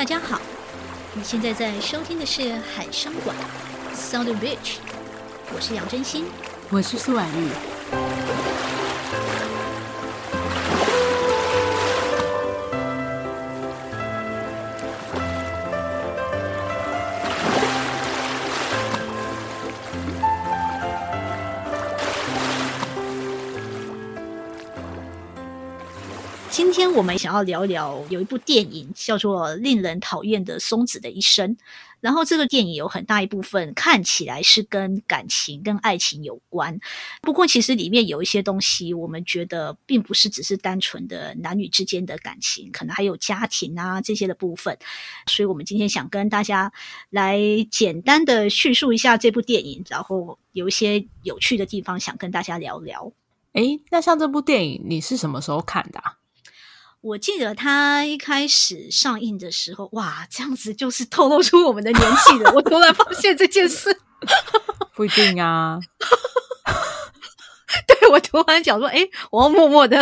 大家好，你現在在收聽的是海聲館，Southern Beach，我是楊真心，我是蘇婉玉。我們想要聊一聊，有一部電影叫做《令人討厭的松子的一生》，然後這個電影有很大一部分看起來是跟感情、跟愛情有關，不過其實裡面有一些東西，我們覺得並不是只是單純的男女之間的感情，可能還有家庭啊這些的部分。所以，我們今天想跟大家來簡單的敘述一下這部電影，然後有一些有趣的地方想跟大家聊聊。誒，那像這部電影，你是什麼時候看的啊？我記得他一開始上映的時候，哇，這樣子就是透露出我們的年紀的。 我突然發現這件事，不一定啊。 對，我突然想說，哎、欸，我要默默的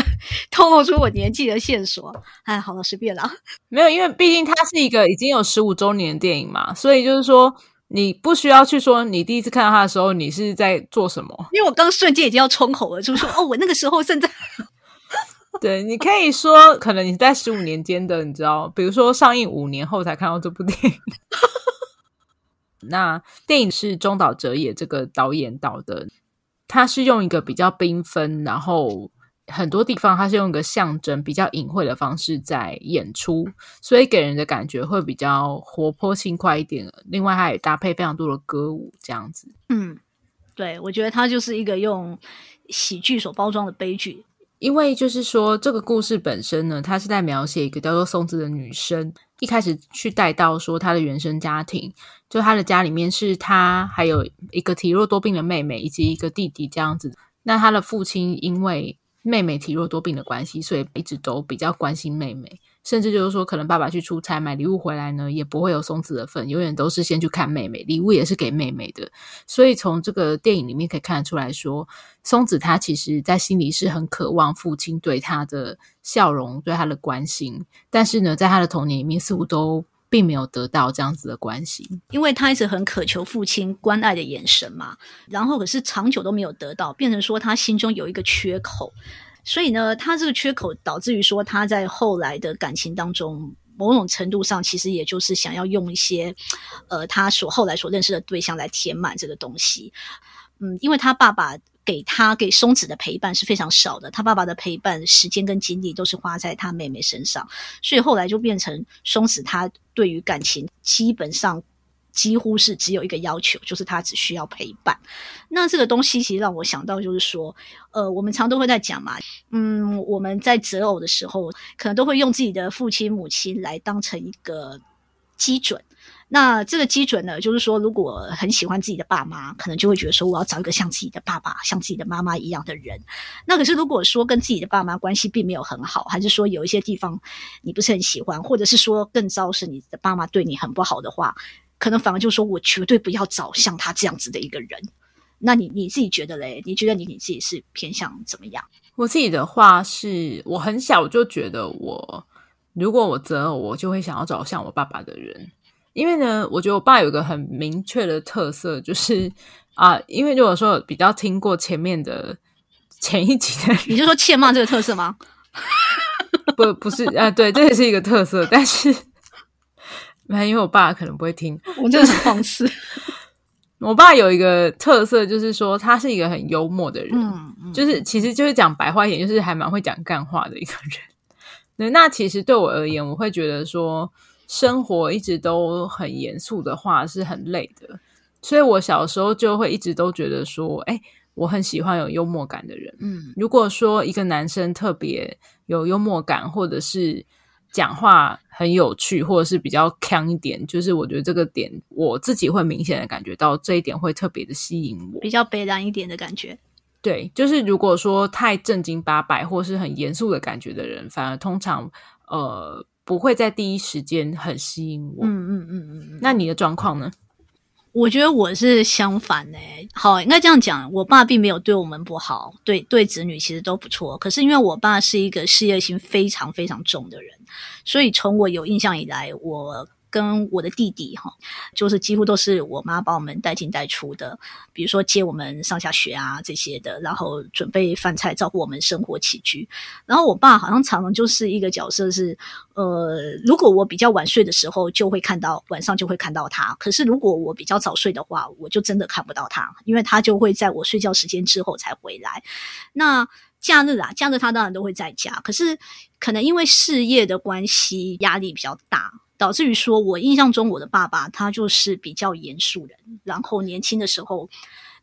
透露出我年紀的線索。哎，好了，隨便了。沒有，因為畢竟它是一個已經有十五周年的電影嘛，所以就是說，你不需要去說你第一次看到他的時候，你是在做什麼。因為我剛瞬間已經要衝口而出說，哦，我那個時候正在。對，你可以說，可能你在十五年間的，你知道，比如說上映五年後才看到這部電影。 那電影是中島哲也這個導演導的，他是用一個比較繽紛，然後很多地方他是用一個象徵比較隱晦的方式在演出，所以給人的感覺會比較活潑輕快一點。另外，他也搭配非常多的歌舞這樣子。嗯，對，我覺得他就是一個用喜劇所包裝的悲劇。因為就是說，這個故事本身呢，它是在描寫一個叫做松子的女生。一開始去帶到說她的原生家庭，就她的家裡面是她還有一個體弱多病的妹妹，以及一個弟弟這樣子。那她的父親因為妹妹體弱多病的關係，所以一直都比較關心妹妹。甚至就是說，可能爸爸去出差買禮物回來呢，也不會有松子的份，永遠都是先去看妹妹，禮物也是給妹妹的。所以從這個電影裡面可以看得出來說，松子她其實，在心裡是很渴望父親對她的笑容、對她的關心，但是呢，在她的童年裡面，似乎都並沒有得到這樣子的關心，因為她一直很渴求父親關愛的眼神嘛。然後可是長久都沒有得到，變成說她心中有一個缺口。所以呢，他這個缺口導致於說，他在後來的感情當中，某種程度上其實也就是想要用一些，呃，他所後來所認識的對象來填滿這個東西。嗯，因為他爸爸給他給松子的陪伴是非常少的，他爸爸的陪伴時間跟精力都是花在他妹妹身上，所以後來就變成松子他對於感情基本上。幾乎是只有一個要求，就是他只需要陪伴。那這個東西其實讓我想到，就是說，呃，我們常都會在講嘛，嗯，我們在擇偶的時候，可能都會用自己的父親、母親來當成一個基準。那這個基準呢，就是說，如果很喜歡自己的爸媽，可能就會覺得說，我要找一個像自己的爸爸、像自己的媽媽一樣的人。那可是如果說跟自己的爸媽關係並沒有很好，還是說有一些地方你不是很喜歡，或者是說更糟是你的爸媽對你很不好的話，可能反而就是說，我絕對不要找像他這樣子的一個人。那你你自己覺得嘞？你覺得你你自己是偏向怎麼樣？我自己的話是，我很小就覺得我如果我擇偶，我就會想要找像我爸爸的人，因為呢，我覺得我爸有一個很明確的特色，就是啊，因為如果說比較聽過前面的前一集的，你就說欠罵這個特色嗎？ 不，不是啊，對，這也是一個特色，但是。那因為我爸可能不會聽，我就是肆。 我爸有一個特色，就是說他是一個很幽默的人，就是其實就是講白話一點，也就是還蠻會講幹話的一個人。那其實對我而言，我會覺得說生活一直都很嚴肅的話是很累的，所以我小時候就會一直都覺得說，哎，我很喜歡有幽默感的人。嗯，如果說一個男生特別有幽默感，或者是。講話很有趣，或者是比較強一點，就是我覺得這個點我自己會明顯的感覺到這一點會特別的吸引我，比較悲涼一點的感覺。對，就是如果說太正經八百或是很嚴肅的感覺的人，反而通常呃不會在第一時間很吸引我。嗯嗯嗯嗯。嗯嗯嗯，那你的狀況呢？我覺得我是相反呢。欸，好，應該這樣講，我爸並沒有對我們不好，對對子女其實都不錯。可是因為我爸是一個事業心非常非常重的人，所以從我有印象以來，我。跟我的弟弟哈，就是幾乎都是我媽把我們帶進帶出的，比如說接我們上下學啊這些的，然後準備飯菜，照顧我們生活起居。然後我爸好像常常就是一個角色是，呃，如果我比較晚睡的時候，就會看到，晚上就會看到他。可是如果我比較早睡的話，我就真的看不到他，因為他就會在我睡覺時間之後才回來。那假日啊，假日他當然都會在家，可是可能因為事業的關係，壓力比較大。導致於說，我印象中我的爸爸他就是比較嚴肅人，然後年輕的時候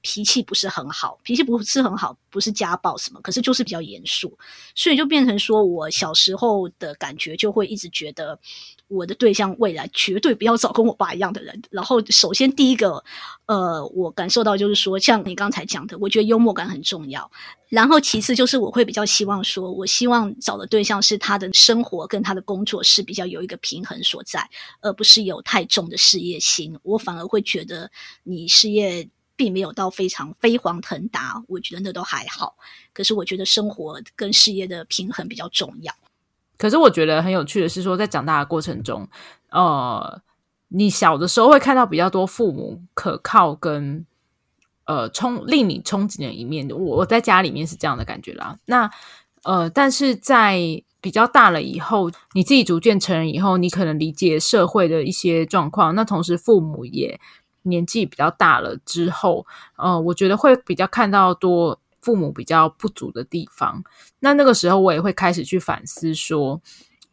脾氣不是很好，脾氣不是很好，不是家暴什麼，可是就是比較嚴肅，所以就變成說我小時候的感覺就會一直覺得。我的對象未來絕對不要找跟我爸一樣的人。然後，首先第一個，呃，我感受到就是說，像你剛才講的，我覺得幽默感很重要。然後，其次就是我會比較希望說，我希望找的對象是他的生活跟他的工作是比較有一個平衡所在，而不是有太重的事業心。我反而會覺得，你事業並沒有到非常飛黃騰達，我覺得那都還好。可是，我覺得生活跟事業的平衡比較重要。可是我覺得很有趣的是說，在長大的過程中，呃，你小的時候會看到比較多父母可靠跟呃充令你憧憬的一面。我我在家裡面是這樣的感覺啦。那呃，但是在比較大了以後，你自己逐漸成人以後，你可能理解社會的一些狀況。那同時父母也年紀比較大了之後，呃，我覺得會比較看到多。父母比較不足的地方，那那個時候我也會開始去反思，說，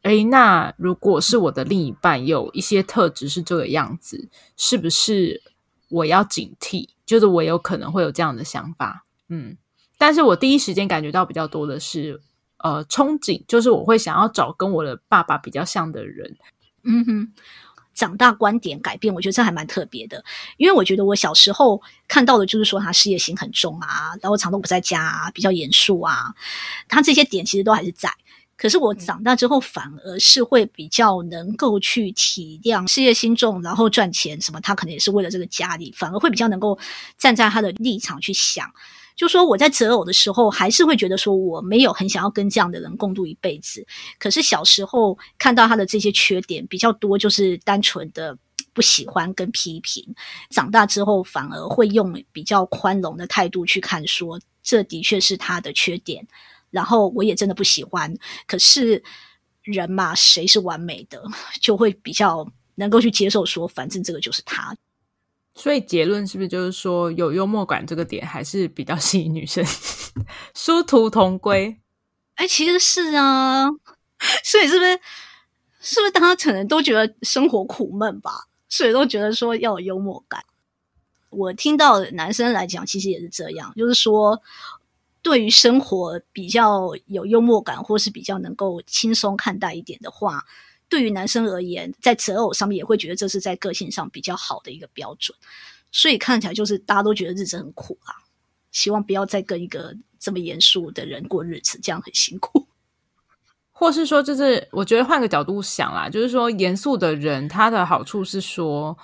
哎，那如果是我的另一半有一些特質是這個樣子，是不是我要警惕？就是我有可能會有這樣的想法，嗯。但是我第一時間感覺到比較多的是，呃，憧憬，就是我會想要找跟我的爸爸比較像的人，嗯哼。長大觀點改變，我覺得這還蠻特別的，因為我覺得我小時候看到的，就是說他事業心很重啊，然後常常不在家啊，比較嚴肅啊，他這些點其實都還是在。可是我長大之後，反而是會比較能夠去體諒事業心重，然後賺錢什麼，他可能也是為了這個家裡，反而會比較能夠站在他的立場去想。就說我在擇偶的時候，還是會覺得說我沒有很想要跟這樣的人共度一輩子。可是小時候看到他的這些缺點比較多，就是單純的不喜歡跟批評。長大之後反而會用比較寬容的態度去看，說這的確是他的缺點。然後我也真的不喜歡，可是人嘛，誰是完美的？就會比較能夠去接受，說反正這個就是他。所以結論是不是就是說有幽默感這個點還是比較吸引女生？ 殊途同歸。哎、欸，其實是啊， 所以是不是，是不是大家可能都覺得生活苦悶吧，所以都覺得說要有幽默感。我聽到男生來講，其實也是這樣，就是說對於生活比較有幽默感，或是比較能夠輕鬆看待一點的話，對於男生而言，在擇偶上面也會覺得這是在個性上比較好的一個標準，所以看起來就是大家都覺得日子很苦啊，希望不要再跟一個這麼嚴肅的人過日子，這樣很辛苦。或是說，就是我覺得換個角度想啦，就是說嚴肅的人他的好處是說，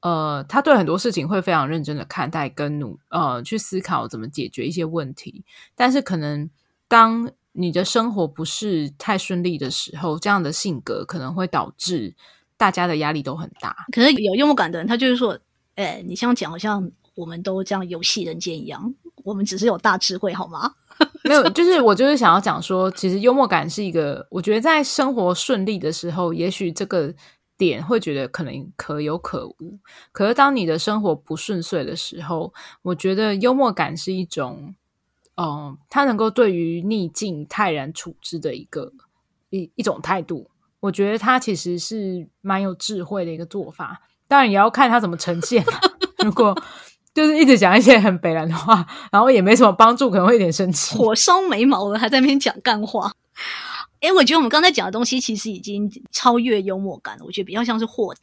呃，他對很多事情會非常認真的看待，跟努呃去思考怎麼解決一些問題，但是可能當你的生活不是太順利的時候，這樣的性格可能會導致大家的壓力都很大。可是有幽默感的人，他就是說，誒、欸，你這樣講好像我們都這樣遊戲人間一樣，我們只是有大智慧，好嗎？ 沒有，就是我就是想要講說，其實幽默感是一個，我覺得在生活順利的時候，也許這個點會覺得可能可有可無。可是當你的生活不順遂的時候，我覺得幽默感是一種。哦、嗯，他能夠對於逆境泰然處之的一個一一種態度，我覺得他其實是蠻有智慧的一個做法。當然也要看他怎麼呈現啊。 如果就是一直講一些很北爛的話，然後也沒什麼幫助，可能會有點生氣。火燒眉毛了，還在那邊講幹話。哎、欸，我覺得我們剛才講的東西其實已經超越幽默感了。我覺得比較像是豁達，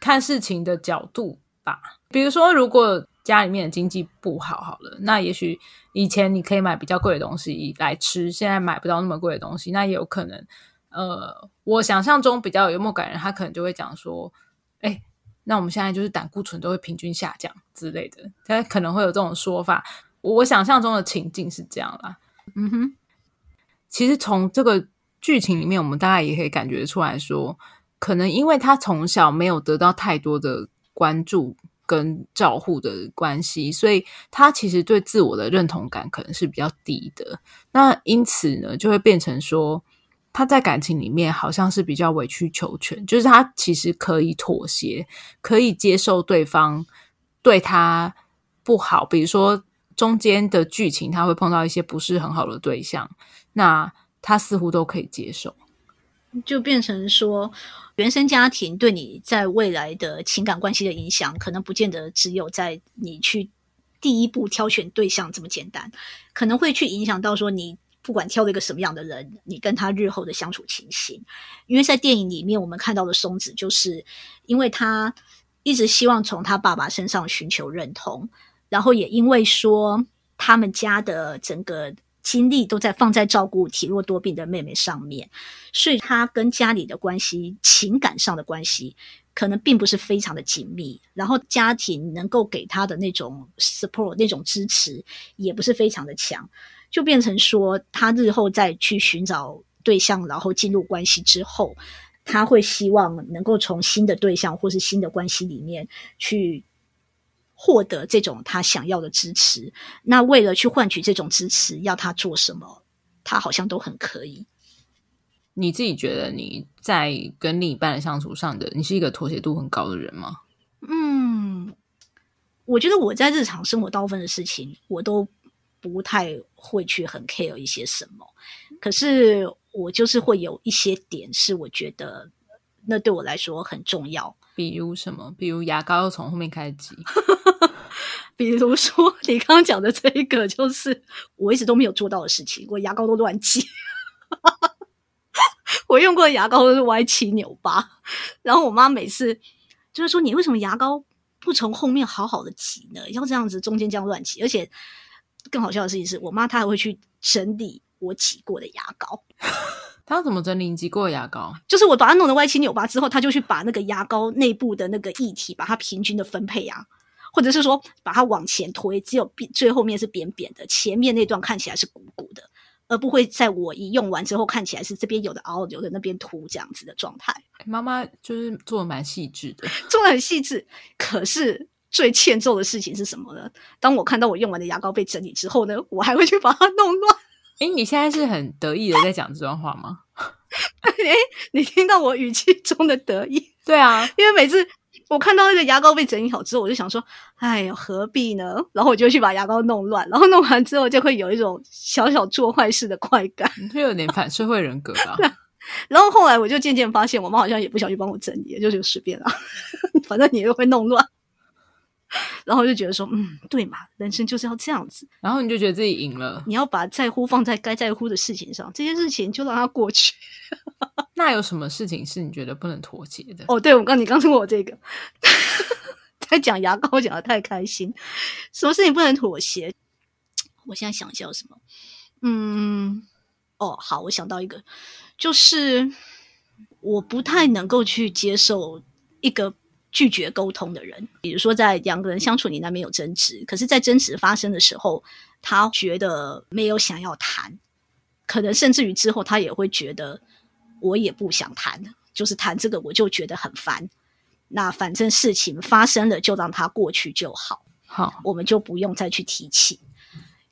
看事情的角度吧。比如說，如果家裡面的經濟不好，好了，那也許。以前你可以買比較貴的東西來吃，現在買不到那麼貴的東西，那也有可能。呃，我想象中比較有幽默感人，他可能就會講說：“哎、欸，那我們現在就是膽固醇都會平均下降之類的。”他可能會有這種說法。我，我想象中的情境是這樣啦。嗯哼，其實從這個劇情裡面，我們大概也可以感覺出來說，可能因為他從小沒有得到太多的關注。跟照護的關係，所以他其實對自我的認同感可能是比較低的。那因此呢，就會變成說，他在感情裡面好像是比較委曲求全，就是他其實可以妥協，可以接受對方對他不好。比如說中間的劇情，他會碰到一些不是很好的對象，那他似乎都可以接受，就變成說。原生家庭對你在未來的情感關係的影響，可能不見得只有在你去第一步挑選對象這麼簡單，可能會去影響到說，你不管挑了一個什麼樣的人，你跟他日後的相處情形。因為在電影裡面，我們看到的松子就是因為他一直希望從他爸爸身上尋求認同，然後也因為說他們家的整個。精力都在放在照顧體弱多病的妹妹上面，所以他跟家裡的關係，情感上的關係，可能並不是非常的緊密。然後家庭能夠給他的那種 support，那種支持，也不是非常的強，就變成說，他日後再去尋找對象，然後進入關係之後，他會希望能夠從新的對象或是新的關係裡面去。獲得這種他想要的支持，那為了去換取這種支持，要他做什麼，他好像都很可以。你自己覺得你在跟另一半的相處上的，你是一個妥協度很高的人嗎？嗯，我覺得我在日常生活大部分的事情，我都不太會去很 care 一些什麼。可是我就是會有一些點，是我覺得那對我來說很重要。比如什麼？比如牙膏要從後面開始擠。 比如說，你剛剛講的這一個，就是我一直都沒有做到的事情。我牙膏都亂擠， 我用過的牙膏都是歪七扭八。然後我媽每次就是說：“你為什麼牙膏不從後面好好的擠呢？要這樣子中間這樣亂擠。”而且更好笑的事情是我媽她還會去整理我擠過的牙膏。她怎麼整理你擠過的牙膏？就是我把它弄得歪七扭八之後，她就去把那個牙膏內部的那個液體把它平均的分配呀、啊。或者是說把它往前推，只有最後面是扁扁的，前面那段看起來是鼓鼓的，而不會在我一用完之後看起來是這邊有的凹，有的那邊凸這樣子的狀態。媽媽、欸、就是做的蠻細緻的，做的很細緻。可是最欠揍的事情是什麼呢？當我看到我用完的牙膏被整理之後呢，我還會去把它弄亂。誒、欸、你現在是很得意的在講這段話嗎？誒、欸、你聽到我語氣中的得意？對啊，因為每次。我看到那個牙膏被整理好之後，我就想說：“哎呀，何必呢？”然後我就去把牙膏弄亂，然後弄完之後就會有一種小小做壞事的快感。你會有點反社會人格啊。 然後後來我就漸漸發現，我媽好像也不想去幫我整理，就隨便啊。 反正你又會弄亂。然後就覺得說，嗯，對嘛，人生就是要這樣子。然後你就覺得自己贏了。你要把在乎放在該在乎的事情上，這些事情就讓它過去。 那有什麼事情是你覺得不能妥協的？哦，對，我剛你剛說過我這個， 在講牙膏我講得太開心，什麼事情不能妥協？我現在想一下有什麼？嗯，哦，好，我想到一個，就是我不太能夠去接受一個。拒絕溝通的人，比如說在兩個人相處，你那邊有爭執，可是在爭執發生的時候，他覺得沒有想要談，可能甚至於之後他也會覺得我也不想談，就是談這個我就覺得很煩。那反正事情發生了，就讓它過去就好，好，我們就不用再去提起。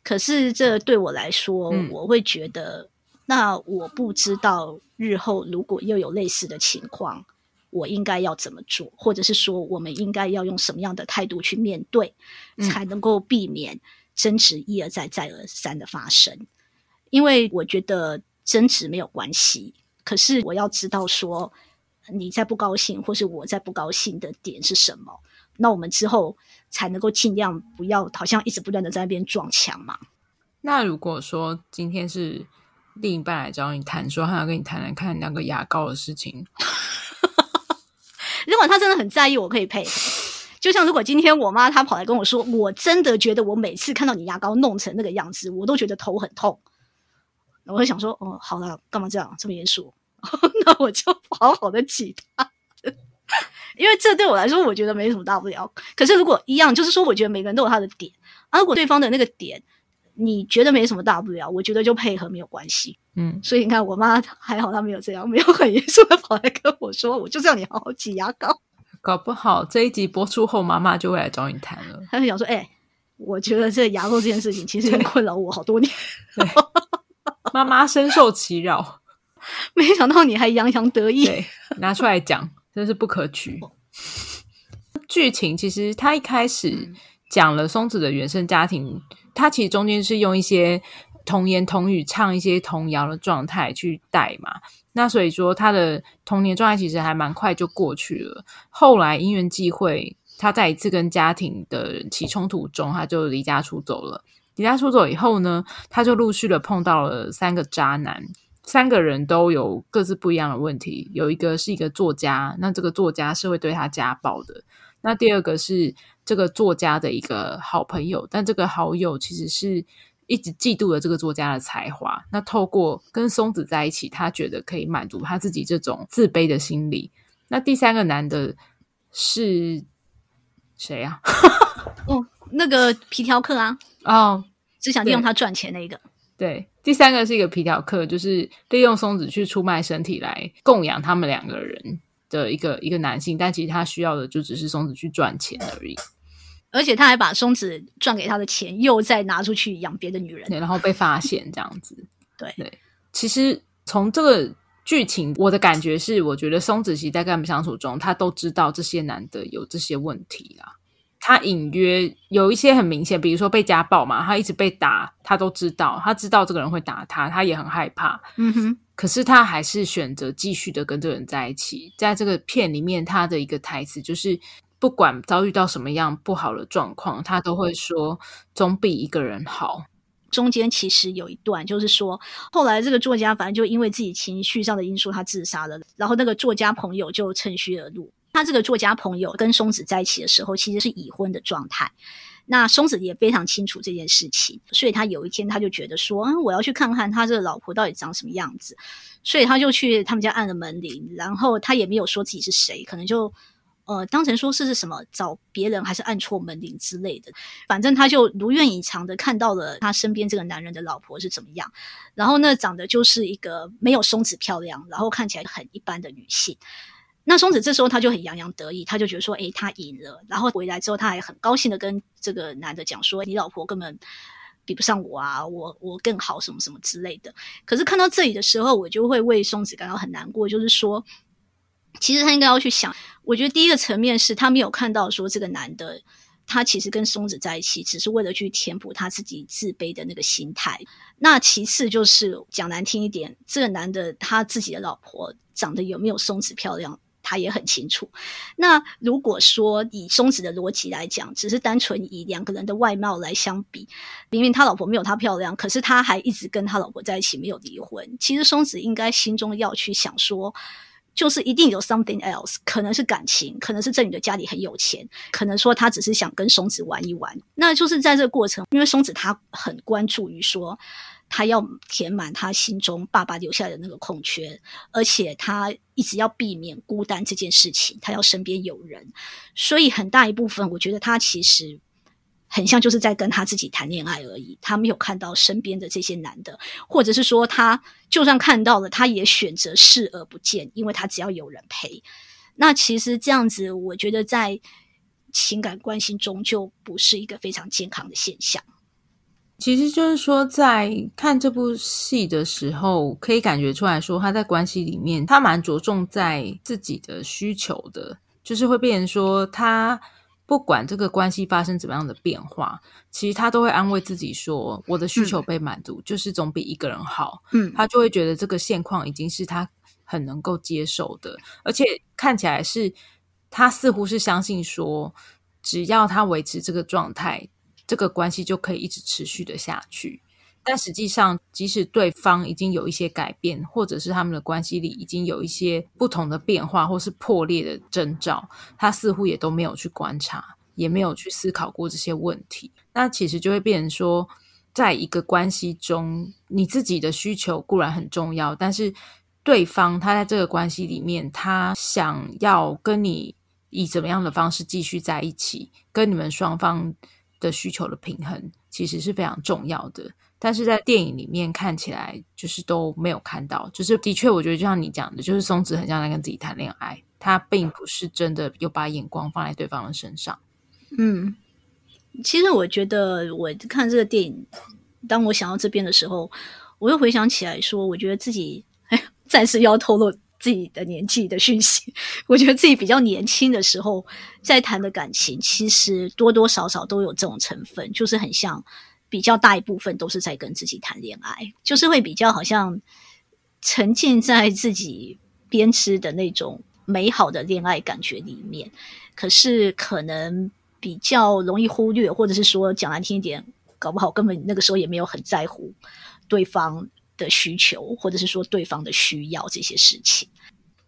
可是這對我來說，嗯，我會覺得，那我不知道日後如果又有類似的情況。我應該要怎麼做，或者是說，我們應該要用什麼樣的態度去面對，嗯，才能夠避免爭執一而再、再而三的發生？因為我覺得爭執沒有關係，可是我要知道說，你在不高興，或是我在不高興的點是什麼，那我們之後才能夠盡量不要好像一直不斷的在那邊撞牆嘛。那如果說今天是另一半來找你談說，說他要跟你談談看那個牙膏的事情。 如果他真的很在意，我可以配合。就像如果今天我媽她跑來跟我說，我真的覺得我每次看到你牙膏弄成那個樣子，我都覺得頭很痛。我會想說，哦，好了，幹嘛這樣這麼嚴肅？ 那我就好好的擠他， 因為這對我來說，我覺得沒什麼大不了。可是如果一樣，就是說，我覺得每個人都有他的點，啊，如果對方的那個點你覺得沒什麼大不了，我覺得就配合沒有關係。嗯，所以你看，我媽還好，她沒有這樣，沒有很嚴肅的跑來跟我說，我就叫你好好擠牙膏。搞不好這一集播出後，媽媽就會來找你談了。她就想說：“哎、欸，我覺得這牙膏這件事情，其實很困擾我好多年。”媽媽深受其擾， 沒想到你還洋洋得意對，拿出來講，真是不可取。哦、劇情其實他一開始講了松子的原生家庭，他、嗯、其實中間是用一些。童言童語，唱一些童謠的狀態去帶嘛，那所以說他的童年狀態其實還蠻快就過去了。後來因緣際會，他在一次跟家庭的起衝突中，他就離家出走了。離家出走以後呢，他就陸續的碰到了三個渣男，三個人都有各自不一樣的問題。有一個是一個作家，那這個作家是會對他家暴的。那第二個是這個作家的一個好朋友，但這個好友其實是。一直嫉妒了這個作家的才華。那透過跟松子在一起，他覺得可以滿足他自己這種自卑的心理。那第三個男的是誰呀、啊？哦，那個皮條客啊，哦，只想利用他賺錢的一個。對，對，第三個是一個皮條客，就是利用松子去出賣身體來供養他們兩個人的一個一個男性，但其實他需要的就只是松子去賺錢而已。而且他還把松子賺給他的錢又再拿出去養別的女人對，然後被發現這樣子。 對對，其實從這個劇情，我的感覺是，我覺得松子其實在跟他們相處中，他都知道這些男的有這些問題啦、啊。他隱約有一些很明顯，比如說被家暴嘛，他一直被打，他都知道，他知道這個人會打他，他也很害怕。嗯哼，可是他還是選擇繼續的跟這個人在一起。在這個片裡面，他的一個台詞就是。不管遭遇到什麼樣不好的狀況，他都會說總比一個人好。中間其實有一段，就是說後來這個作家，反正就因為自己情緒上的因素，他自殺了。然後那個作家朋友就趁虛而入。他這個作家朋友跟松子在一起的時候，其實是已婚的狀態。那松子也非常清楚這件事情，所以他有一天他就覺得說：“嗯、啊，我要去看看他這個老婆到底長什麼樣子。”所以他就去他們家按了門鈴，然後他也沒有說自己是誰，可能就。呃，當成說是是什麼找別人還是按錯門鈴之類的，反正他就如願以償的看到了他身邊這個男人的老婆是怎麼樣。然後呢，長得就是一個沒有松子漂亮，然後看起來很一般的女性。那松子這時候他就很洋洋得意，他就覺得說：“誒、欸，他贏了。”然後回來之後，他還很高興的跟這個男的講說：“你老婆根本比不上我啊，我我更好，什麼什麼之類的。”可是，看到這裡的時候，我就會為松子感到很難過，就是說。其實他應該要去想，我覺得第一個層面是他沒有看到說這個男的，他其實跟松子在一起，只是為了去填補他自己自卑的那個心態。那其次就是講難聽一點，這個男的他自己的老婆長得有沒有松子漂亮，他也很清楚。那如果說以松子的邏輯來講，只是單純以兩個人的外貌來相比，明明他老婆沒有他漂亮，可是他還一直跟他老婆在一起，沒有離婚。其實松子應該心中要去想說。就是一定有 something else，可能是感情，可能是這女的家裡很有錢，可能說她只是想跟松子玩一玩。那就是在這個過程，因為松子她很關注於說，她要填滿她心中爸爸留下的那個空缺，而且她一直要避免孤單這件事情，她要身邊有人。所以很大一部分，我覺得她其實。很像就是在跟他自己談戀愛而已，他沒有看到身邊的這些男的，或者是說他就算看到了，他也選擇視而不見，因為他只要有人陪。那其實這樣子，我覺得在情感關係中就不是一個非常健康的現象。其實就是說，在看這部戲的時候，可以感覺出來說他在關係裡面，他蠻着重在自己的需求的，就是會變成說他。不管這個關係發生怎麼樣的變化，其實他都會安慰自己說：“我的需求被滿足，嗯、就是總比一個人好。”嗯，他就會覺得這個現況已經是他很能夠接受的，而且看起來是他似乎是相信說，只要他維持這個狀態，這個關係就可以一直持續的下去。但實際上，即使對方已經有一些改變，或者是他們的關係裡已經有一些不同的變化，或是破裂的徵兆，他似乎也都沒有去觀察，也沒有去思考過這些問題。那其實就會變成說，在一個關係中，你自己的需求固然很重要，但是對方他在這個關係裡面，他想要跟你以怎麼樣的方式繼續在一起，跟你們雙方的需求的平衡，其實是非常重要的。但是在電影裡面看起來就是都沒有看到，就是的確，我覺得就像你講的，就是松子很像在跟自己談戀愛，她並不是真的有把眼光放在對方的身上。嗯，其實我覺得我看這個電影，當我想到這邊的時候，我又回想起來說，說我覺得自己哎，暫時要透露自己的年紀的訊息。我覺得自己比較年輕的時候，在談的感情，其實多多少少都有這種成分，就是很像。比較大一部分都是在跟自己談戀愛，就是會比較好像沉浸在自己編織的那種美好的戀愛感覺裡面。可是可能比較容易忽略，或者是說講難聽一點，搞不好根本那個時候也沒有很在乎對方的需求，或者是說對方的需要這些事情。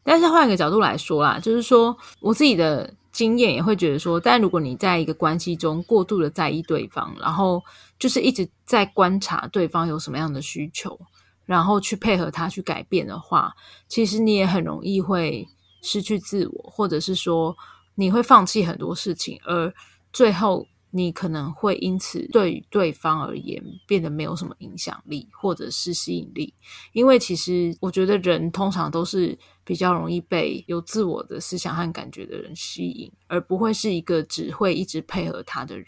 但是換一個角度來說啦，就是說我自己的。經驗也會覺得說，但如果你在一個關係中過度的在意對方，然後就是一直在觀察對方有什麼樣的需求，然後去配合他去改變的話，其實你也很容易會失去自我，或者是說你會放棄很多事情，而最後，你可能會因此對於對方而言變得沒有什麼影響力，或者是吸引力，因為其實我覺得人通常都是比較容易被有自我的思想和感覺的人吸引，而不會是一個只會一直配合他的人。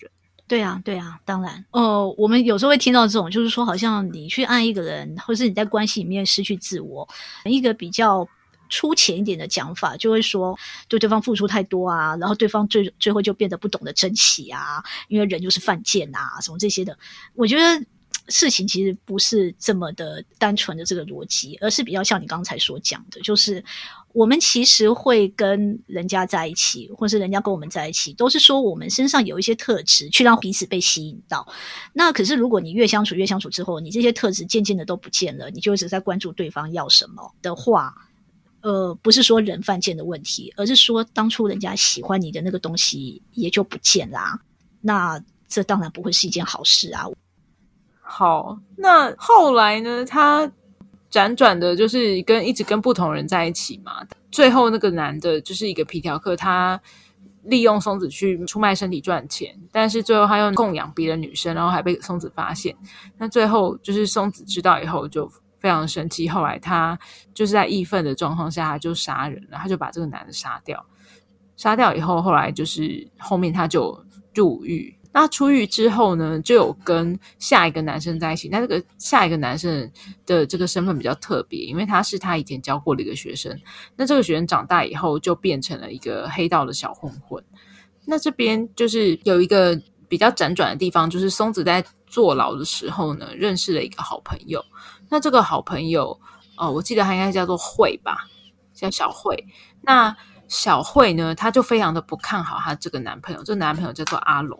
對啊，對啊，當然，哦，我們有時候會聽到這種，就是說好像你去愛一個人，或是你在關係裡面失去自我，一個比較。粗淺一點的講法，就會說對對方付出太多啊，然後對方最最後就變得不懂得珍惜啊，因為人就是犯賤啊，什麼這些的。我覺得事情其實不是這麼的單純的這個邏輯，而是比較像你剛才所講的，就是我們其實會跟人家在一起，或是人家跟我們在一起，都是說我們身上有一些特質，去讓彼此被吸引到。那可是如果你越相處越相處之後，你這些特質漸漸的都不見了，你就一直在關注對方要什麼的話，呃，不是說人犯賤的問題，而是說當初人家喜歡你的那個東西也就不見啦、啊。那這當然不會是一件好事啊。好，那後來呢？他輾轉的，就是跟一直跟不同人在一起嘛。最後那個男的就是一個皮條客，他利用松子去出賣身體賺錢，但是最後他又供養別的女生，然後還被松子發現。那最後就是松子知道以後就。非常生氣，後來他就是在義憤的狀況下，他就殺人了，他就把這個男的殺掉。殺掉以後，後來就是後面他就入獄。那出獄之後呢，就有跟下一個男生在一起。那這個下一個男生的這個身份比較特別，因為他是他以前教過的一個學生。那這個學生長大以後就變成了一個黑道的小混混。那這邊就是有一個比較輾轉的地方，就是松子在坐牢的時候呢，認識了一個好朋友。那這個好朋友哦，我記得他應該叫做慧吧，叫小慧。那小慧呢，他就非常的不看好他這個男朋友，這個男朋友叫做阿龍，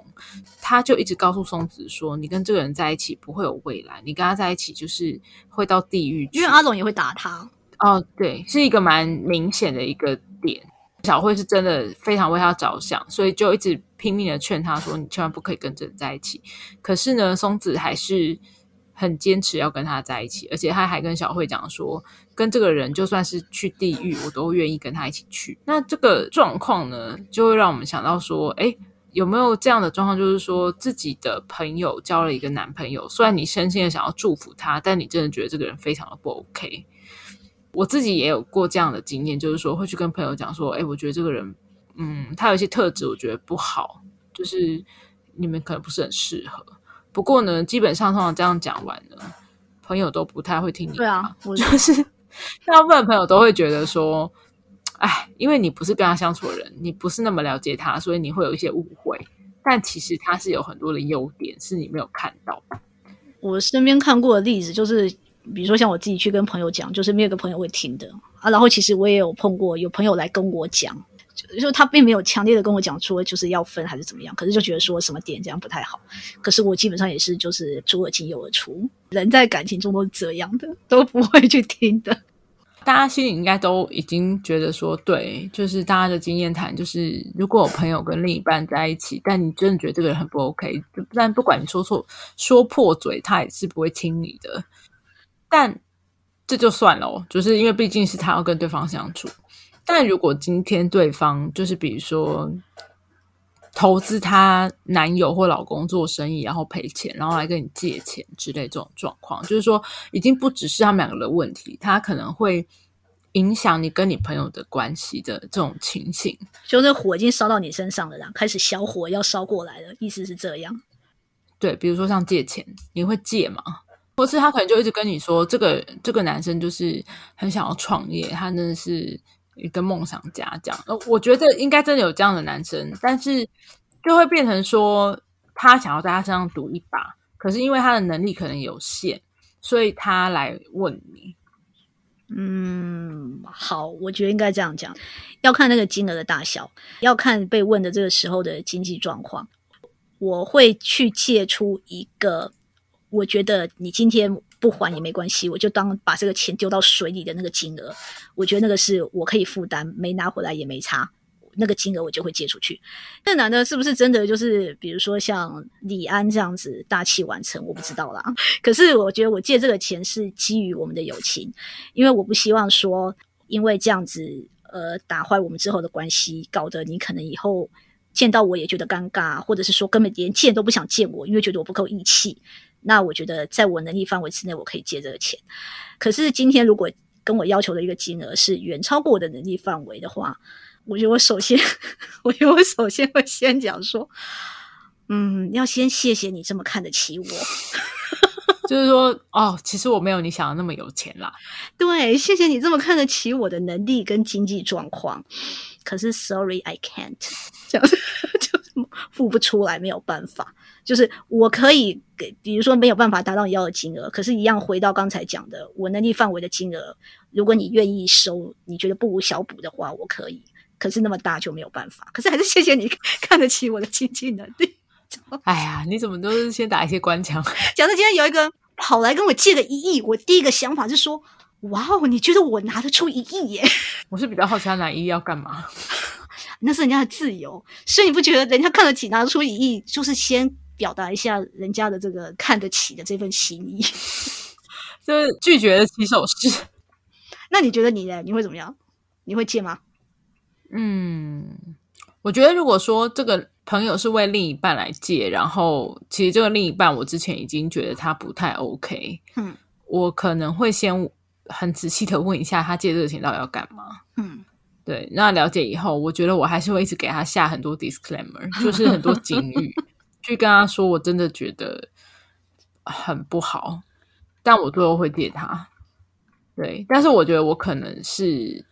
他就一直告訴松子說：“你跟這個人在一起不會有未來，你跟他在一起就是會到地獄。”因為阿龍也會打他哦，對，是一個蠻明顯的一個點。小慧是真的非常為他着想，所以就一直拼命的勸他說：“你千萬不可以跟這人在一起。”可是呢，松子還是。很堅持要跟他在一起，而且他還跟小慧講說，跟這個人就算是去地獄，我都願意跟他一起去。那這個狀況呢，就會讓我們想到說，哎，有沒有這樣的狀況？就是說，自己的朋友交了一個男朋友，雖然你深深的想要祝福他，但你真的覺得這個人非常的不 OK。我自己也有過這樣的經驗，就是說會去跟朋友講說，哎，我覺得這個人，嗯，他有一些特質，我覺得不好，就是你們可能不是很適合。不過呢，基本上通常這樣講完了，朋友都不太會聽你。對啊，我就是 大部分朋友都會覺得說，哎，因為你不是跟他相處的人，你不是那麼了解他，所以你會有一些誤會。但其實他是有很多的優點，是你沒有看到。我身邊看過的例子就是，比如說像我自己去跟朋友講，就是沒有個朋友會聽的啊。然後其實我也有碰過，有朋友來跟我講。就就他並沒有強烈的跟我講說就是要分還是怎麼樣，可是就覺得說什麼點這樣不太好。可是我基本上也是就是左耳進右耳出，人在感情中都是這樣的，都不會去聽的。大家心裡應該都已經覺得說對，就是大家的經驗談，就是如果有朋友跟另一半在一起，但你真的覺得這個人很不 OK，但不管你說錯說破嘴，他也是不會聽你的。但這就算了哦，就是因為畢竟是他要跟對方相處。那如果今天對方就是比如說投資他男友或老公做生意，然後賠錢，然後來跟你借錢之類這種狀況，就是說已經不只是他們兩個的問題，他可能會影響你跟你朋友的關係的這種情形，就是火已經燒到你身上了啦，然後開始小火要燒過來了，意思是這樣？對，比如說像借錢，你會借嗎？或是他可能就一直跟你說，這個這個男生就是很想要創業，他真的是。一個夢想家這樣，我我覺得應該真的有這樣的男生，但是就會變成說他想要在他身上賭一把，可是因為他的能力可能有限，所以他來問你。嗯，好，我覺得應該這樣講，要看那個金額的大小，要看被問的這個時候的經濟狀況，我會去借出一個，我覺得你今天。不還也沒關係，我就當把這個錢丟到水裡的那個金額，我覺得那個是我可以負擔，沒拿回來也沒差，那個金額我就會借出去。那男的是不是真的就是，比如說像李安這樣子大器晚成？我不知道啦。可是我覺得我借這個錢是基於我們的友情，因為我不希望說因為這樣子呃打壞我們之後的關係，搞得你可能以後見到我也覺得尷尬，或者是說根本連見都不想見我，因為覺得我不夠義氣。那我覺得，在我能力範圍之內，我可以借這個錢。可是今天，如果跟我要求的一個金額是遠超過我的能力範圍的話，我覺得我首先，我覺得我首先會先講說，嗯，要先謝謝你這麼看得起我，就是說， 哦，其實我沒有你想的那麼有錢啦。對，謝謝你這麼看得起我的能力跟經濟狀況。可是，sorry，I can't 這樣就。付不出來，沒有辦法。就是我可以給，比如說沒有辦法達到你要的金額，可是一樣回到剛才講的，我能力範圍的金額，如果你願意收，你覺得不無小補的話，我可以。可是那麼大就沒有辦法。可是還是謝謝你看得起我的經濟能力。哎呀，你怎麼都是先打一些官腔？假設今天有一個跑來跟我借個一億，我第一個想法是說，哇哦，你覺得我拿得出一億耶？我是比較好奇他拿一億要幹嘛。那是人家的自由，所以你不覺得人家看得起，拿出一億，就是先表達一下人家的這個看得起的這份心意，就 是，是拒絕的起手式， 那你覺得你呢？你會怎麼樣？你會借嗎？嗯，我覺得如果說這個朋友是為另一半來借，然後其實這個另一半我之前已經覺得他不太 OK，嗯，我可能會先很仔細的問一下他借這個錢到底要幹嘛，嗯。對，那了解以後，我覺得我還是會一直給他下很多 disclaimer，就是很多警語， 去跟他說，我真的覺得很不好，但我最後會借他。對，但是我覺得我可能是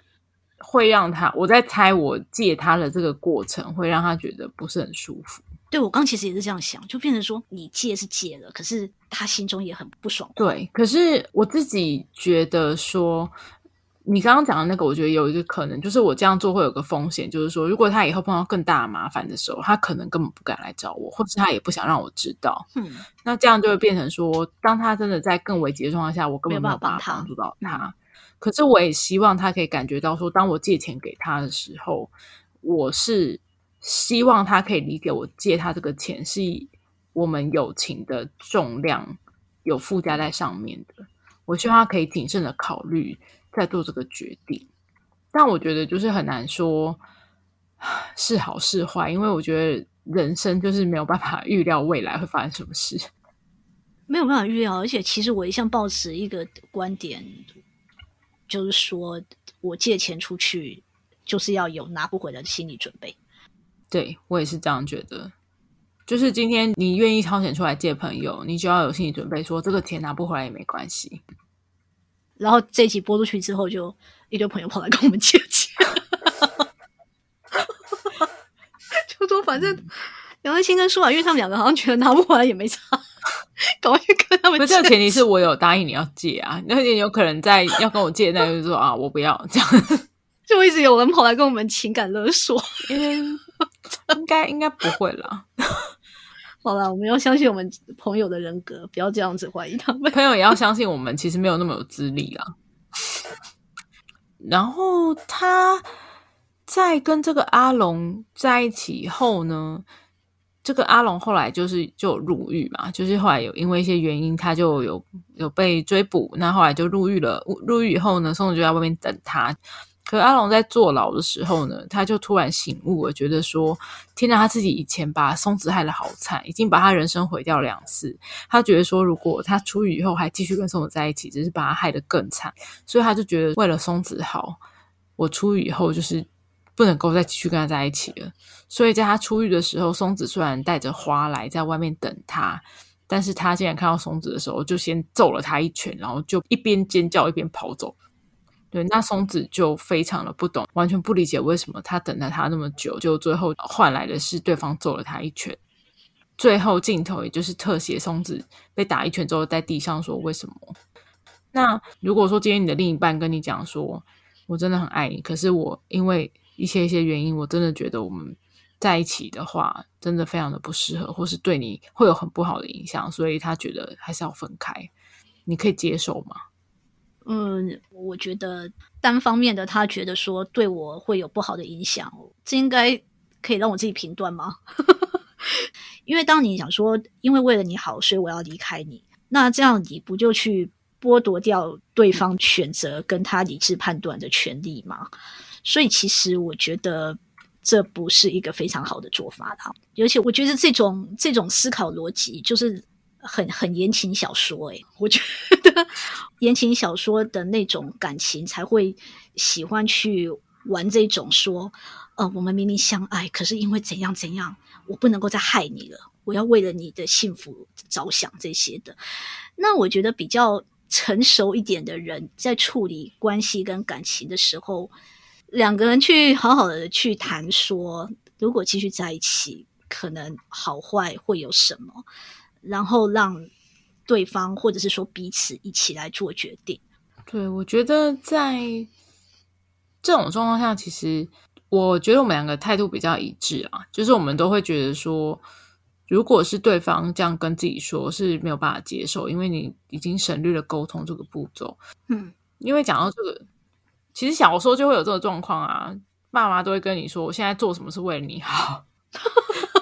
會讓他，我在猜我借他的這個過程會讓他覺得不是很舒服。對，我剛其實也是這樣想，就變成說你借是借了，可是他心中也很不爽。對，可是我自己覺得說。你剛剛講的那個，我覺得有一個可能，就是我這樣做會有個風險，就是說，如果他以後碰到更大的麻煩的時候，他可能根本不敢來找我，或是他也不想讓我知道。嗯，那這樣就會變成說，當他真的在更危急的狀況下，我根本沒有辦法幫，嗯，幫助到他。嗯，可是，我也希望他可以感覺到，說，當我借錢給他的時候，我是希望他可以理解，我借他這個錢是以我們友情的重量有附加在上面的。我希望他可以謹慎的考慮。在做這個決定，但我覺得就是很難說是好是壞，因為我覺得人生就是沒有辦法預料未來會發生什麼事，沒有辦法預料。而且，其實我一向抱持一個觀點，就是說我借錢出去，就是要有拿不回來的心理準備。對，我也是這樣覺得，就是今天你願意掏錢出來借朋友，你就要有心理準備，說這個錢拿不回來也沒關係。然後這集播出去之後，就一堆朋友跑來跟我們借錢， 就說反正楊、嗯、文新跟舒婉，月，他們兩個好像覺得拿不回來也沒差，趕快去跟他們借。不，這個前提是我有答應你要借啊，那也有可能在要跟我借，那就是說啊，我不要這樣，就一直有人跑來跟我們情感勒索。 應該應該不會啦。好了，我們要相信我們朋友的人格，不要這樣子懷疑他們。朋友也要相信我們， 其實沒有那麼有資歷啦、啊。然後他在跟這個阿龍在一起後呢，這個阿龍後來就是就入獄嘛，就是後來有因為一些原因，他就有有被追捕，那後來就入獄了。入獄以後呢，松子就在外面等他。可是阿龍在坐牢的時候呢，他就突然醒悟了，覺得說，天哪，他自己以前把松子害得好慘，已經把他人生毀掉兩次。他覺得說，如果他出獄以後還繼續跟松子在一起，只是把他害得更慘。所以他就覺得，為了松子好，我出獄以後就是不能夠再繼續跟他在一起了。所以在他出獄的時候，松子雖然帶着花來在外面等他，但是他竟然看到松子的時候，就先揍了他一拳，然後就一邊尖叫一邊跑走。對，那松子就非常的不懂，完全不理解為什麼他等了他那麼久，就最後換來的是對方揍了他一拳。最後鏡頭也就是特寫松子被打一拳之後，在地上說為什麼？那如果說今天你的另一半跟你講說，我真的很愛你，可是我因為一些一些原因，我真的覺得我們在一起的話，真的非常的不適合，或是對你會有很不好的影響，所以他覺得還是要分開，你可以接受嗎？嗯，我覺得單方面的他覺得說對我會有不好的影響，這應該可以讓我自己評斷嗎？ 因為當你想說，因為為了你好，所以我要離開你，那這樣你不就去剝奪掉對方選擇跟他理智判斷的權利嗎？所以其實我覺得這不是一個非常好的做法的，尤其我覺得這種這種思考邏輯就是。很很言情小說欸，我覺得 言情小說的那種感情，才會喜歡去玩這種說，呃，我們明明相愛，可是因為怎樣怎樣，我不能夠再害你了，我要為了你的幸福着想這些的。那我覺得比較成熟一點的人，在處理關係跟感情的時候，兩個人去好好的去談說，如果繼續在一起，可能好壞會有什麼？然後讓對方，或者是說彼此一起來做決定。對，我覺得在這種狀況下，其實我覺得我們兩個態度比較一致啊，就是我們都會覺得說，如果是對方這樣跟自己說，是沒有辦法接受，因為你已經省略了溝通這個步驟。嗯，因為講到這個，其實小時候就會有這個狀況啊，爸媽都會跟你說：“我現在做什麼是為了你好，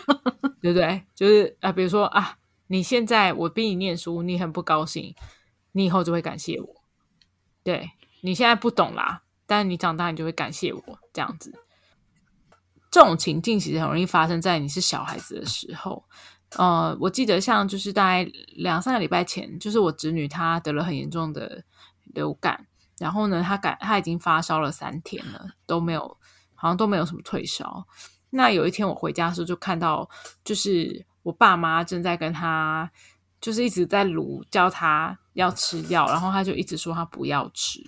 對不對？”就是啊，比如說啊。你現在我逼你念書，你很不高興，你以後就會感謝我。對，你現在不懂啦，但是你長大你就會感謝我，這樣子。這種情境其實很容易發生在你是小孩子的時候。呃，我記得像就是大概兩三個禮拜前，就是我侄女她得了很嚴重的流感，然後呢，她感她已經發燒了三天了，都沒有好像都沒有什麼退燒。那有一天我回家的時候，就看到就是。我爸媽正在跟他，就是一直在盧，叫他要吃藥，然後他就一直說他不要吃，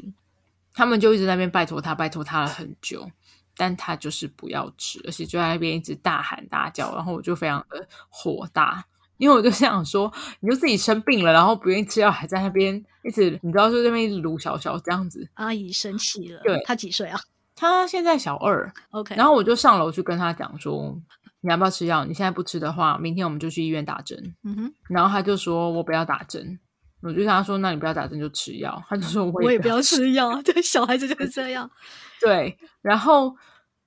他們就一直在那邊拜托他，拜托他了很久，但他就是不要吃，而且就在那邊一直大喊大叫，然後我就非常的火大，因為我就想說，你就自己生病了，然後不願意吃藥，還在那邊一直，你知道，就在那邊一直盧小小這樣子。阿姨生氣了，對，他幾歲啊？他現在小二，OK。然後我就上樓去跟他講說。你要不要吃藥？你現在不吃的話，明天我們就去醫院打針。嗯哼。然後他就說：“我不要打針。”我就跟他說：“那你不要打針就吃藥。”他就說：“我我也不要吃藥。”對，小孩子就是這樣。 對，然後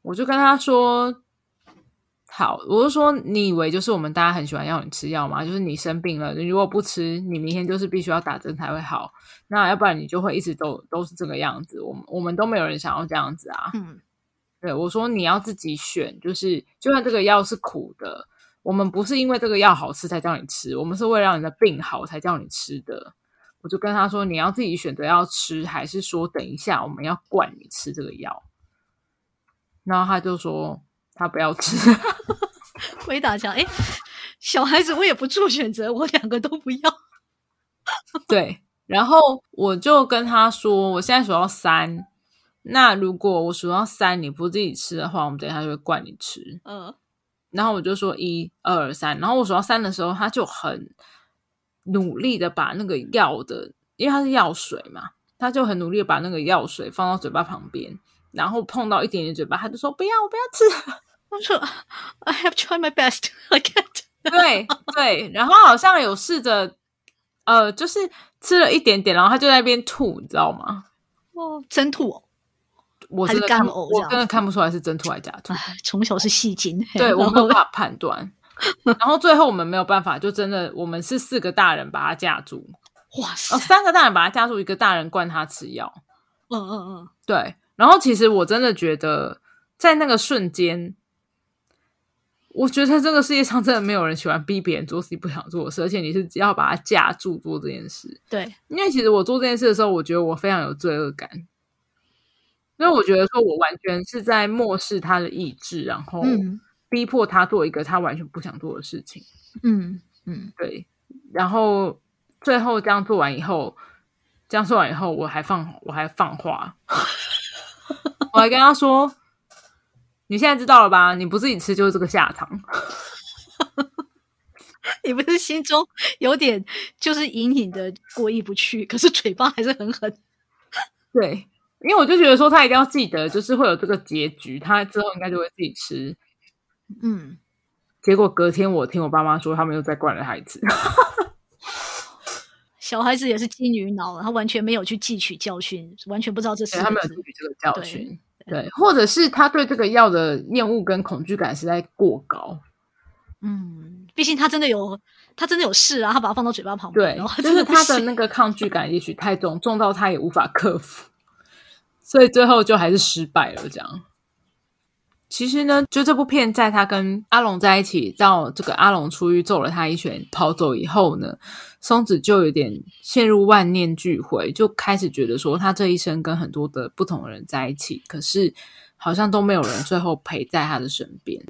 我就跟他說：“好，我就說你以為就是我們大家很喜歡要你吃藥嗎？就是你生病了，你如果不吃，你明天就是必須要打針才會好。那要不然你就會一直都都是這個樣子。我們我們都沒有人想要這樣子啊。”嗯。對，我說你要自己選，就是就算這個藥是苦的，我們不是因為這個藥好吃才叫你吃，我們是為了讓你的病好才叫你吃的。我就跟他說，你要自己選擇要吃，還是說等一下我們要灌你吃這個藥？然後他就說他不要吃。 回答講，哎，小孩子我也不做選擇，我兩個都不要。 對，然後我就跟他說，我現在數到三。那如果我數到三，你不自己吃的話，我們等一下就會灌你吃。嗯，uh, 然後我就說一二三，然後我數到三的時候，他就很努力的把那個藥的，因為它是藥水嘛，他就很努力的把那個藥水放到嘴巴旁邊，然後碰到一點點嘴巴，他就說不要，我不要吃。他說 I have tried my best, I can't. 對對，然後好像有試着，呃，就是吃了一點點，然後他就在那邊吐，你知道嗎？Oh, 哦，真吐。我真的看是我根本看不出來是真吐還是假吐，從、啊、小是戲精，對，我們無法判斷。 然後最後我們沒有辦法，就真的我們是四個大人把他架住，哇哦塞，三個大人把他架住，一個大人灌他吃藥，嗯嗯嗯，對。然後其實我真的覺得，在那個瞬間，我覺得在這個世界上真的沒有人喜歡逼別人做自己不想做的事，而且你是只要把他架住做這件事。對，因為其實我做這件事的時候，我覺得我非常有罪惡感。因為我覺得說，我完全是在漠視他的意志，然後逼迫他做一個他完全不想做的事情。嗯嗯，對。然後最後這樣做完以後，這樣做完以後，我還放我還放話， 我還跟他說：“你現在知道了吧？你不自己吃，就是這個下場。”你 不是心中有點就是隱隱的過意不去，可是嘴巴還是很狠。對。因為我就覺得說他一定要記得，就是會有這個結局，他之後應該就會自己吃。嗯，結果隔天我聽我爸媽說，他們又再灌了孩子。 小孩子也是金魚腦，他完全沒有去汲取教訓，完全不知道這是。他沒有汲取這個教訓，對，對，對，或者是他對這個藥的厭惡跟恐懼感實在過高。嗯，畢竟他真的有，他真的有試啊，他把它放到嘴巴旁邊，對，就是他的那個抗拒感也許太重， 重到他也無法克服。所以最後就還是失敗了。這樣，其實呢，就這部片在他跟阿龍在一起，到這個阿龍出獄揍了他一拳逃走以後呢，松子就有點陷入萬念俱灰，就開始覺得說，他這一生跟很多的不同的人在一起，可是好像都沒有人最後陪在他的身邊。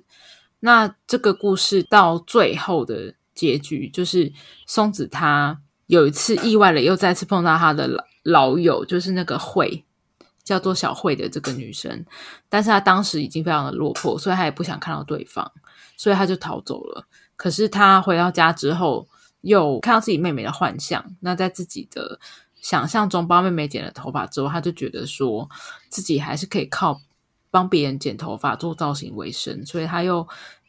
那這個故事到最後的結局，就是松子他有一次意外了，又再次碰到他的老老友，就是那個惠。叫做小慧的這個女生，但是她當時已經非常的落魄，所以她也不想看到對方，所以她就逃走了。可是她回到家之後，又看到自己妹妹的幻象。那在自己的想象中幫妹妹剪了頭髮之後，她就覺得說自己還是可以靠幫別人剪頭髮做造型為生，所以她又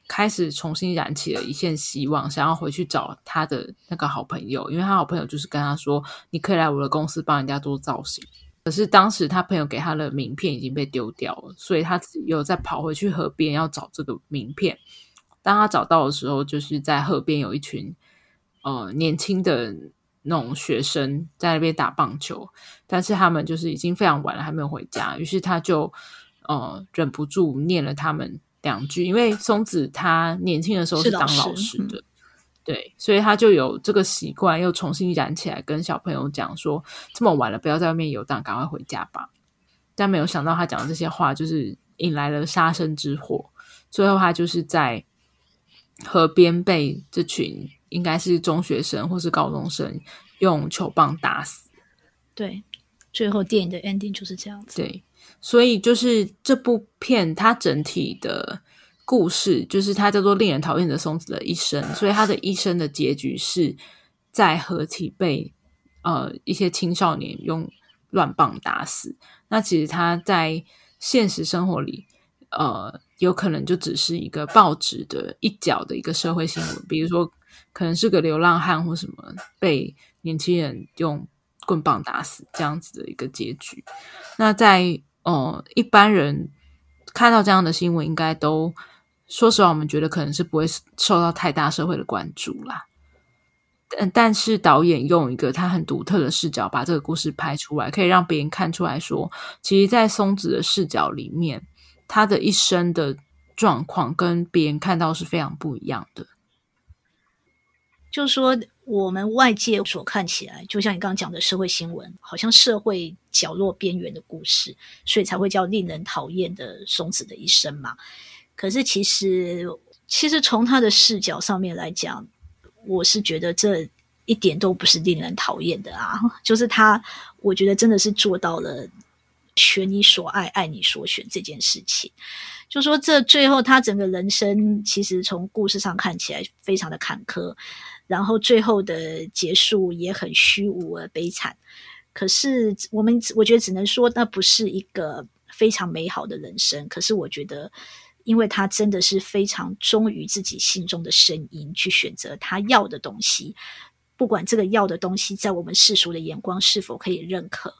開始重新燃起了一線希望，想要回去找她的那個好朋友，因為她好朋友就是跟她說：“你可以來我的公司幫人家做造型。”可是當時他朋友給他的名片已經被丟掉了，所以他又再跑回去河邊要找這個名片。當他找到的時候，就是在河邊有一群呃年輕的那種學生在那邊打棒球，但是他們就是已經非常晚了，還沒有回家。於是他就呃忍不住念了他們兩句，因為松子他年輕的時候是當老師的。對，所以他就有這個習慣，又重新燃起來，跟小朋友講說：“這麼晚了，不要在外面游蕩，趕快回家吧。”但沒有想到，他講的這些話就是引來了殺身之禍。最後，他就是在河邊被這群應該是中學生或是高中生用球棒打死。對，最後電影的 ending 就是這樣子。對，所以就是這部片它整體的。故事就是他叫做《令人討厭的松子的一生》，所以他的一生的結局是在河堤被呃一些青少年用亂棒打死。那其實他在現實生活裡，呃，有可能就只是一個報紙的一角的一個社會新聞，比如說可能是個流浪漢或什麼被年輕人用棍棒打死這樣子的一個結局。那在哦、呃、一般人看到這樣的新聞，應該都。說實話，我們覺得可能是不會受到太大社會的關注啦。但但是導演用一個他很獨特的視角把這個故事拍出來，可以讓別人看出來說，其實，在松子的視角裡面，他的一生的狀況跟別人看到是非常不一樣的。就是說我們外界所看起來，就像你剛剛講的社會新聞，好像社會角落邊緣的故事，所以才會叫令人討厭的松子的一生嘛。可是，其實其實從他的視角上面來講，我是覺得這一點都不是令人討厭的啊。就是他，我覺得真的是做到了選你所愛，愛你所選這件事情。就說這最後他整個人生，其實從故事上看起來非常的坎坷，然後最後的結束也很虛無而悲慘。可是我們我覺得只能說，那不是一個非常美好的人生。可是我覺得。因為他真的是非常忠於自己心中的聲音，去選擇他要的東西，不管這個要的東西在我們世俗的眼光是否可以認可，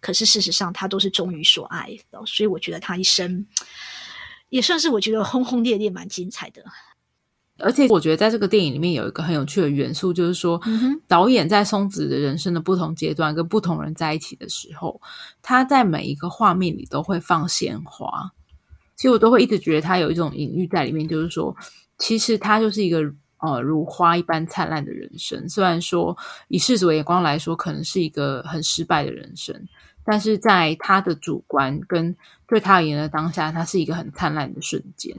可是事實上他都是忠於所愛的，所以我覺得他一生也算是我覺得轟轟烈烈、蠻精彩的。而且我覺得在這個電影裡面有一個很有趣的元素，就是說，嗯哼，導演在松子的人生的不同階段跟不同人在一起的時候，他在每一個畫面裡都會放鮮花。其實我都會一直覺得他有一種隱喻在裡面，就是說，其實他就是一個呃如花一般燦爛的人生。雖然說以世俗眼光來說，可能是一個很失敗的人生，但是在他的主觀跟對他而言的當下，他是一個很燦爛的瞬間。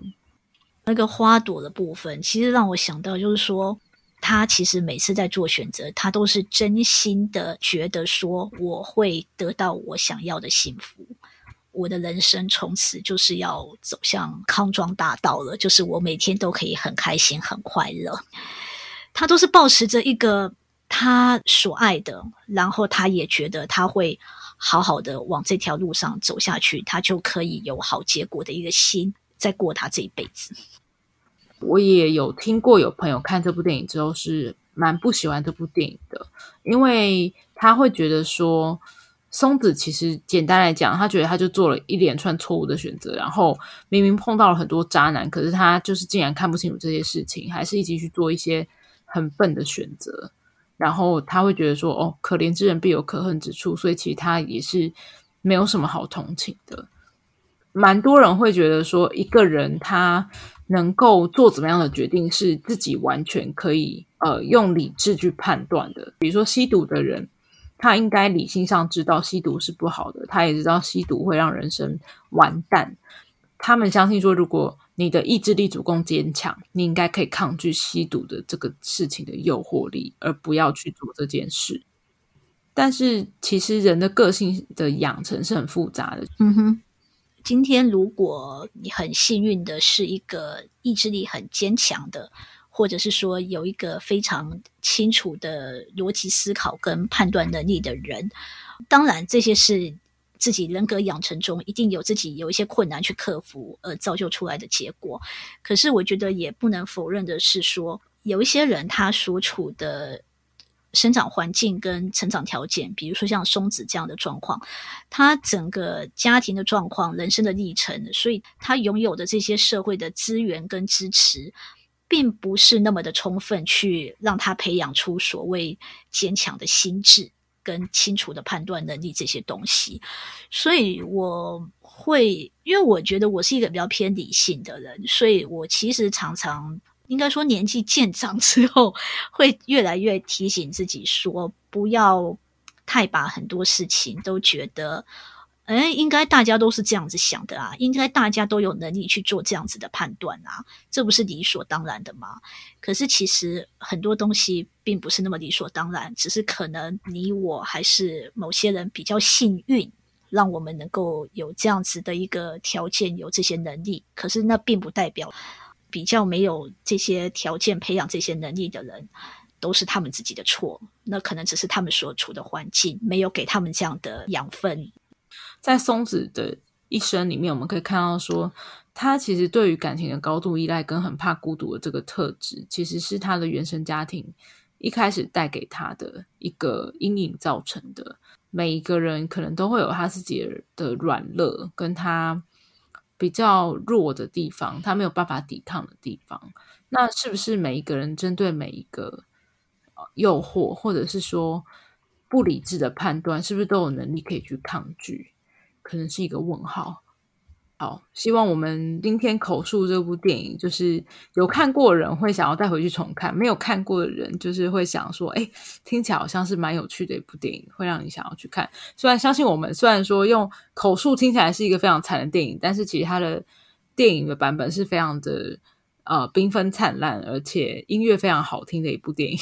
那個花朵的部分，其實讓我想到，就是說，他其實每次在做選擇，他都是真心的覺得說，我會得到我想要的幸福。我的人生從此就是要走向康莊大道了，就是我每天都可以很開心、很快樂。他都是抱持着一個他所愛的，然後他也覺得他會好好的往這條路上走下去，他就可以有好結果的一個心，在過他這一輩子。我也有聽過有朋友看這部電影之後是蠻不喜歡這部電影的，因為他會覺得說，松子其實簡單來講，他覺得他就做了一連串錯誤的選擇，然後明明碰到了很多渣男，可是他就是竟然看不清楚這些事情，還是一起去做一些很笨的選擇。然後他會覺得說：“哦，可憐之人必有可恨之處。”所以其實他也是沒有什麼好同情的。蠻多人會覺得說，一個人他能夠做怎麼樣的決定，是自己完全可以，呃，用理智去判斷的。比如說吸毒的人。他應該理性上知道吸毒是不好的，他也知道吸毒會讓人生完蛋。他們相信說，如果你的意志力足夠堅強，你應該可以抗拒吸毒的這個事情的誘惑力，而不要去做這件事。但是，其實人的個性的養成是很複雜的。嗯哼，今天如果你很幸運的是一個意志力很堅強的。或者是說有一個非常清楚的邏輯思考跟判斷能力的人，當然這些是自己人格養成中一定有自己有一些困難去克服而造就出來的結果。可是我覺得也不能否認的是說，說有一些人他所處的生長環境跟成長條件，比如說像松子這樣的狀況，他整個家庭的狀況、人生的歷程，所以他擁有的這些社會的資源跟支持。並不是那麼的充分去讓他培養出所謂堅強的心智跟清楚的判斷能力這些東西，所以我會，因為我覺得我是一個比較偏理性的人，所以我其實常常應該說年紀漸長之後，會越來越提醒自己說，不要太把很多事情都覺得。誒，應該大家都是這樣子想的啊，應該大家都有能力去做這樣子的判斷啊，這不是理所當然的嗎？可是其實很多東西並不是那麼理所當然，只是可能你我還是某些人比較幸運，讓我們能夠有這樣子的一個條件，有這些能力。可是那並不代表比較沒有這些條件、培養這些能力的人都是他們自己的錯，那可能只是他們所處的環境沒有給他們這樣的養分。在松子的一生裡面，我們可以看到，說他其實對於感情的高度依賴跟很怕孤獨的這個特質，其實是他的原生家庭一開始帶給他的一個陰影造成的。每一個人可能都會有他自己的軟肋，跟他比較弱的地方，他沒有辦法抵抗的地方。那是不是每一個人針對每一個誘惑，或者是說不理智的判斷，是不是都有能力可以去抗拒？可能是一個問號。好，希望我們今天口述這部電影，就是有看過的人會想要帶回去重看，沒有看過的人就是會想說，誒，聽起來好像是蠻有趣的一部電影，會讓你想要去看。雖然相信我們，雖然說用口述聽起來是一個非常慘的電影，但是其實它的電影的版本是非常的呃繽紛燦爛，而且音樂非常好聽的一部電影。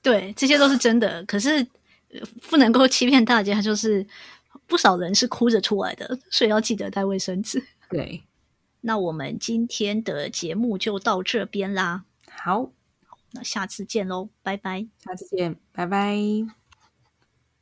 對，這些都是真的。可是不能夠欺騙大家，就是。不少人是哭着出來的，所以要記得帶衛生紙。對，那我們今天的節目就到這邊啦。好，那下次見嘍，拜拜。下次見，拜拜。